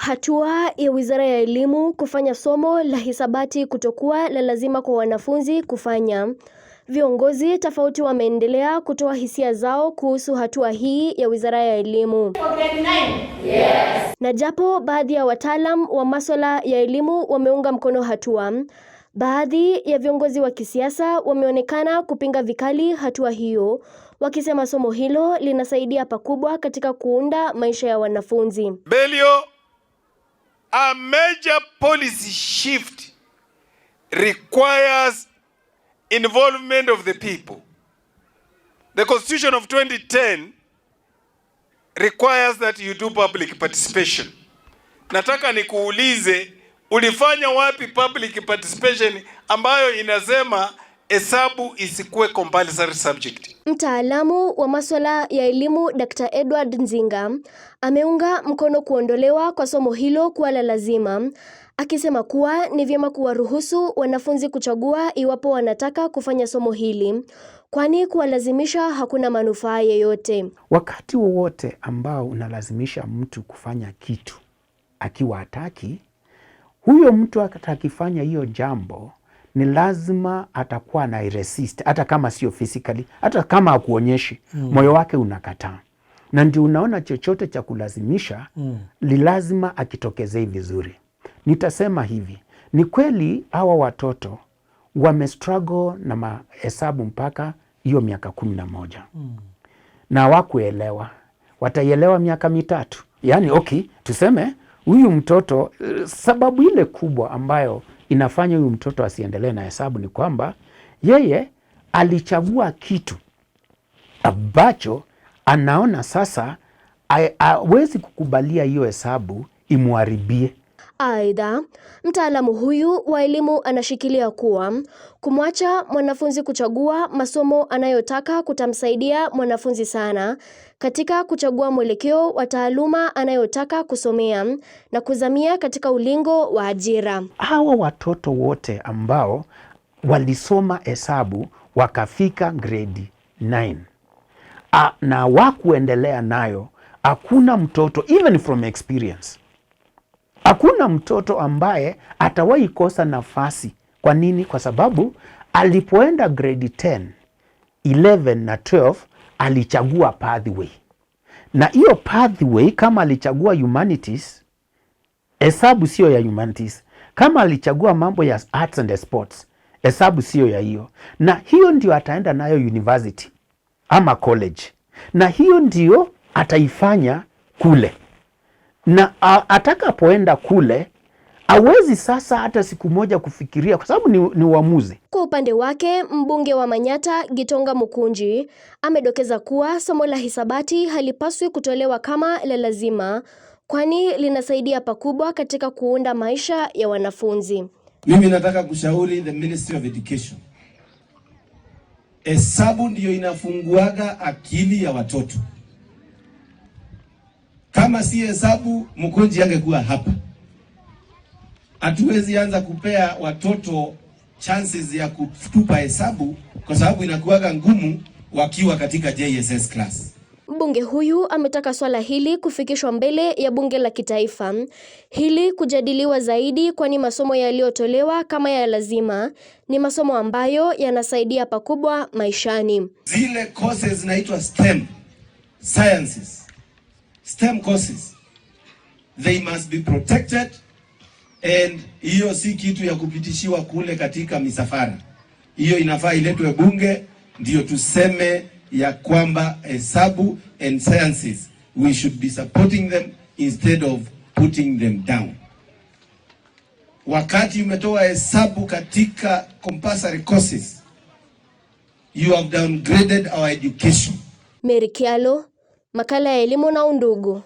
Hatua ya Wizara ya Elimu kufanya somo la hisabati kutokuwa la lazima kwa wanafunzi kufanya. Viongozi tofauti wameendelea kutoa hisia zao kuhusu hatua hii ya Wizara ya Elimu. Yes. Na japo baadhi ya wataalam wa masuala ya elimu wameunga mkono hatua, baadhi ya viongozi wa kisiasa wameonekana kupinga vikali hatua hiyo, wakisema somo hilo linasaidia pakubwa katika kuunda maisha ya wanafunzi. Belio A major policy shift requires involvement of the people. The Constitution of 2010 requires that you do public participation. Nataka nikuulize ulifanya wapi public participation ambayo inasema hesabu isikuwe compulsory subject. Mtaalamu wa masuala ya elimu Dr. Edward Nzinga ameunga mkono kuondolewa kwa somo hilo kuwa la lazima, akisema kuwa ni vyema kuwaruhusu wanafunzi kuchagua iwapo wanataka kufanya somo hili, kwani kuwalazimisha hakuna manufaa yeyote. Wakati wowote ambao unalazimisha mtu kufanya kitu akiwa hataki, huyo mtu atakifanya hiyo jambo ni lazima atakuwa na resist, hata kama sio physically, hata kama akuonyeshi mm. moyo wake unakataa, na ndio unaona chochote cha kulazimisha mm. ni lazima akitokezei vizuri. Nitasema hivi, ni kweli hawa watoto struggle na mahesabu mpaka hiyo miaka kumi na moja mm. na wakuelewa, wataielewa miaka mitatu. Yani okay, tuseme huyu mtoto eh, sababu ile kubwa ambayo inafanya huyu mtoto asiendelee na hesabu ni kwamba yeye alichagua kitu ambacho anaona sasa hawezi kukubalia hiyo hesabu imwharibie Aidha, mtaalamu huyu wa elimu anashikilia kuwa kumwacha mwanafunzi kuchagua masomo anayotaka kutamsaidia mwanafunzi sana katika kuchagua mwelekeo wa taaluma anayotaka kusomea na kuzamia katika ulingo wa ajira. Hawa watoto wote ambao walisoma hesabu wakafika grade 9 na wakuendelea nayo, hakuna mtoto even from experience Hakuna mtoto ambaye atawahi kosa nafasi. Kwa nini? Kwa sababu alipoenda grade 10, 11 na 12 alichagua pathway, na hiyo pathway kama alichagua humanities, hesabu sio ya humanities. Kama alichagua mambo ya arts and sports, hesabu sio ya hiyo, na hiyo ndio ataenda nayo university ama college, na hiyo ndio ataifanya kule na atakapoenda kule awezi sasa hata siku moja kufikiria kwa sababu ni, ni uamuzi. Kwa upande wake mbunge wa Manyata Gitonga Mukunji amedokeza kuwa somo la hisabati halipaswi kutolewa kama la lazima, kwani linasaidia pakubwa katika kuunda maisha ya wanafunzi. Mimi nataka kushauri the Ministry of Education, hesabu ndiyo inafunguaga akili ya watoto kama si hesabu Mkonji angekuwa hapa. Hatuwezi anza kupea watoto chances ya kutupa hesabu kwa sababu inakuwaga ngumu wakiwa katika JSS class. Mbunge huyu ametaka swala hili kufikishwa mbele ya bunge la kitaifa hili kujadiliwa zaidi, kwani masomo yaliyotolewa kama ya lazima ni masomo ambayo yanasaidia pakubwa maishani. Zile courses zinaitwa STEM sciences STEM courses they must be protected and hiyo si kitu ya kupitishiwa kule katika misafara. Hiyo inafaa iletwe bunge ndiyo tuseme ya kwamba hesabu and sciences we should be supporting them instead of putting them down. Wakati umetoa hesabu katika compulsory courses, you have downgraded our education. Mary Makala ya Elimu na Undugu